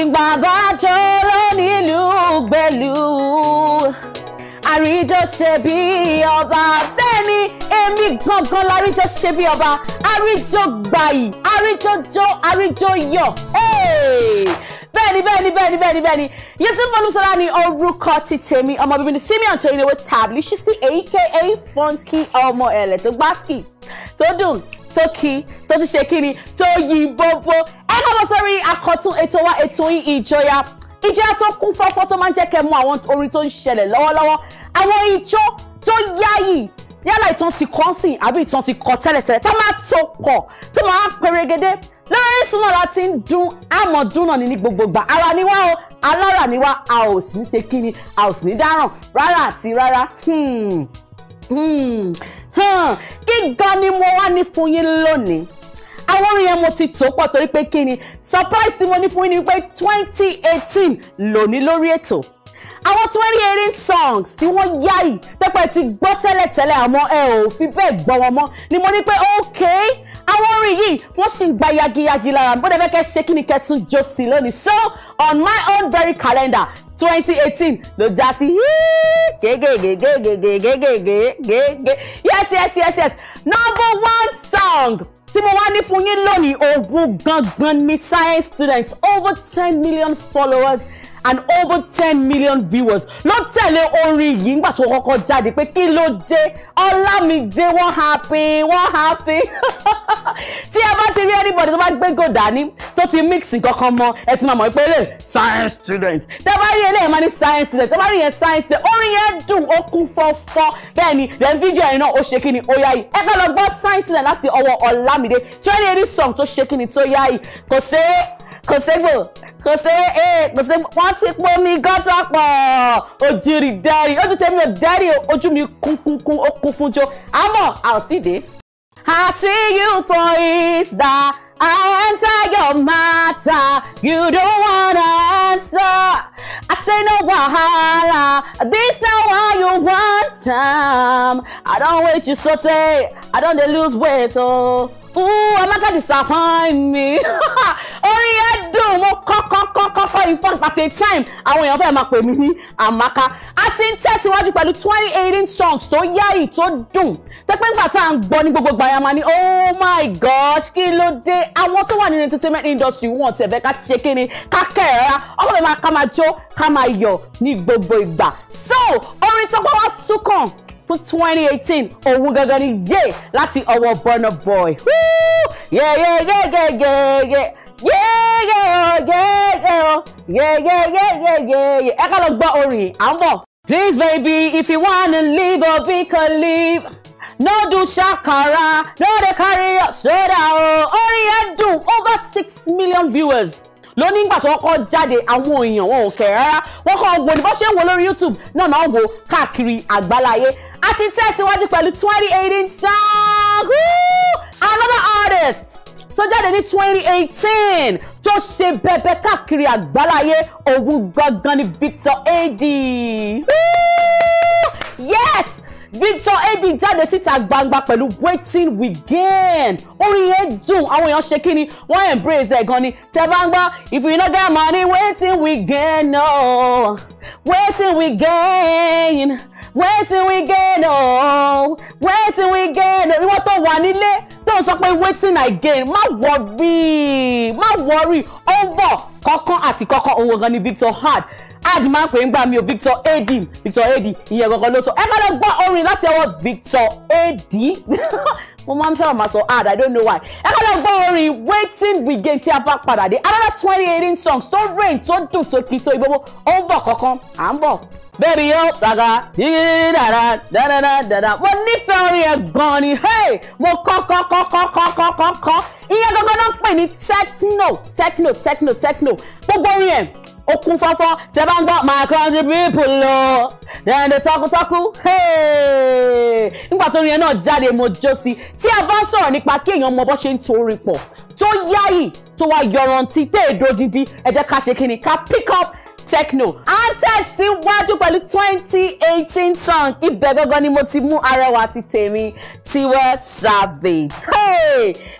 ìgbà bá nílùú gbẹ̀lú àrí bí ọba bẹ́ẹ̀ ni èmi gangan lárí tó ṣe bí ọba àrí tó gbayì àrí tó jó àrí tó yọ̀ bẹ́ẹ̀ni bẹ́ẹ̀ni bẹ́ẹ̀ni bẹ́ẹ̀ni bẹ́ẹ̀ni Yusuf Olúṣọlá ni orúkọ ti tèmi ọmọ bíbí ni Simeon torí ni owó tàbí ṣíṣí aka funky ọmọ ẹ̀lẹ̀ tó gbásíkì tó dùn tó kí tó ti ṣe kíni tó yí bóbó ẹ káàbọ̀ sórí àkọ́tún ètò wa ètò yín ìjọya ìjọya tó kún fọ́fọ́ tó máa ń jẹ́ kẹ́ mọ àwọn orin tó ń ṣẹlẹ̀ lọ́wọ́lọ́wọ́ àwọn ijó tó yáyì yálà ìtàn ti kọ́ sí àbí ìtàn ti kọ́ tẹ́lẹ̀tẹ́lẹ̀ tó máa tó kọ̀ tó máa pèrègede lórí súnmọ́ la ti ń dún àmọ̀dún náà ní ní gbogbogbà ara ni wá o alára ni wá a ò sì ní ṣe kíni a ò sì ní dáràn rárá àti rárá. Hmm. Hmm. Hmm. gíga ni mo wá ní fún yín lónìí àwọn orin yẹn mo ti tó pọ̀ torí pé kí ni surprise tí mo ní fún yín ni pé twenty eighteen lórí ètò àwọn tí wọ́n songs tí wọ́n yá yìí tẹ́pẹ́ ti gbọ́ tẹ́lẹ̀tẹ́lẹ̀ àmọ́ ẹ ò fi bẹ́ẹ̀ gbọ́ wọn mọ́ ni mo ní pé ok àwọn orin yìí wọ́n sì ń gba yagiyagi lára bó dẹ̀ fẹ́ kẹ́ ṣe kí ni kẹ́ tún jó sí lónìí so on my own very calendar twenty eighteen ló já sí gégégégégégégégégégé yes yes yes yes number one song tí mo wá ní fún yín lónìí ogun gangan ni science students over ten million followers and over ten million viewers ló tẹ̀lé orin yìí nígbà tó kọ́kọ́ jáde pé kí ló dé ọlámidé wọ́n happy wọ́n happy tí ẹ bá ti rí anybody tó bá gbégò dání tó ti mix nǹkan kan mọ ẹ ti máa mọ̀ pé lè science student tẹ bá rí eléyìí máa ní science student tẹ bá rí yẹn science student orin yẹn dùn ó kún fọ́fọ́ bẹ́ẹ̀ ni then video yẹn náà ó ṣe kí ni ó yá yìí ẹ ká lọ gbọ́ science student láti ọwọ́ Ọlámídé tí wọ́n ní eré song tó ṣe kí ni tó yá yìí kò sí kò ségbò kò sé ee eh, kò sé wọn ti pọ mi gọtọ pọ òjìrì dẹrì ó ti tẹ mi ò dẹrì ojú mi kún kún kún ó kún fún jo àmọ́ àòtídé. I see you for Easter. I answer your matter. You don't wanna answer. I say no wahala. This now how you want time. Um. I don't wait you saute. I don't lose weight oh. Amaka disappoint me orin yẹn dùn mo kọ́kọ́ kọ́kọ́ in fact at a time àwọn èèyàn fẹ́ẹ́ máa pè mí ní Amaka a sì ń tẹ̀síwájú pẹ̀lú twenty eighteen songs tó yáyì tó dùn tẹ́pẹ́ nígbà tá à ń gbọ́ ní gbogbo gbàyà máa oh my gosh kí ló dé àwọn tó wà nínú entertainment industry wọn tẹ̀ fẹ́ ká ṣe kí ni ká kẹ́ẹ̀ra ọkùnrin máa ká máa jó ká máa yọ̀ ní gbogbo ìgbà so orin tó bá wá sún kàn fún 2018 òun gangan ni yé láti ọwọ́ Burna Boy yẹ́yẹ́yẹ́yẹ́yẹ́yẹ́ yẹ́yẹ́yẹ́yẹ́yẹ́yẹ́ ẹ ká lọ gbọ́ orin à ń bọ̀. Please baby if you wanna leave or be can leave no do shakara no dey carry your shoulder o orin yẹn dùn over six million viewers lónìí ìgbà tó kọ́ jáde àwọn èèyàn wọn ò kẹ̀ rárá wọ́n kọ́ wo ni bó ṣe ń wo lórí YouTube náà náà wo káàkiri àgbáláyé a ti tẹ̀síwájú pẹ̀lú twenty eighteen song another artist tó jáde ní twenty eighteen tó ṣe bẹbẹ káàkiri àgbáláyé òun gbọ̀ngàn ni Victor Adi. Victor Ebi jáde síta gbangba pẹ̀lú wetin we gain orin yẹn dùn àwọn èèyàn ṣe kí ni wọ́n embrace ẹ̀ gan ni tẹ́ bá ń if you no get money wetin we gain ooo oh. wetin we gain wetin we gain ooo oh. wetin we gain ooo ìwọ́n tó wà nílé tó ń sọ pé wetin I gain má wọrí má wọrí ó ń bọ̀ kọ́kán àti kọ́kán owó gan ni Victor hard ad máa ń pè ń gbà mí o Victor Edim Victor Edim ìyẹn gangan ló sọ ẹ ká lọ gbọ́ orin láti ọwọ́ Victor Edim mo máa ń sábà máa sọ ad I don't know why ẹ ká lọ gbọ́ orin wetin we gain tí a bá padà dé another twenty eighteen songs tó rain tó dùn tó kì í tó ìgbógbó ó ń bọ̀ kankan à ń bọ̀ bẹ́ẹ̀ni yóò tàga yíyí dára dáadáa dáadáa mo nífẹ̀ẹ́ orin ẹ̀ gan ni hey mo kọ́ kọ́ kọ́ kọ́ kọ́ kọ́ kọ́ kọ́ ìyẹn gangan náà ń pè ní techno techno techno techno gbogbo orin ẹ̀ ó kún fọ́fọ́ bá ń gbọ́ my country people lọ then the takuntakun nígbà tó orin yẹn náà jáde mo jó sí tí a bá ń sọ̀rọ̀ nípa kí èèyàn mọ bó ṣe ń torin pọ̀ tó yáyì tó wá yọrantí tẹ́ èdò dídí ẹ ká ṣe kí ká pick up techno. a ń tẹ̀síwájú pẹ̀lú twenty eighteen song ibẹ̀ gangan ni mo ti mú arẹwà ti tèmi Tiwa Savage.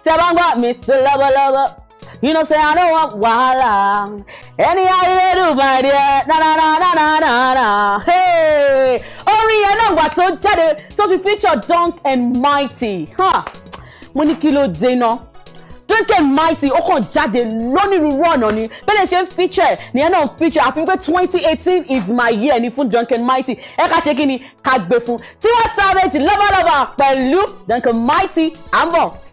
tẹ́ bá ń gbọ́ Mr. lọ́bọ̀lọ́bọ̀. You know, say I don't want wahala. Anyhow you do, my dear. Na na na na na na na. Hey, orin yẹn náà wà tó jáde So we feature Dunk and Mighty. Mo ní kí ló dé náà. Dunk and Mighty ó kàn jáde lónírúurú run on bẹ́ẹ̀ ṣe ń feature nìyẹn náà ń feature I think twenty eighteen is my year And if fún Dunk and Mighty ẹ ká ṣe kí ni ká gbé fún Tiwa Savage lọ́bàlọ́bà pẹ̀lú Dunk and Mighty à ń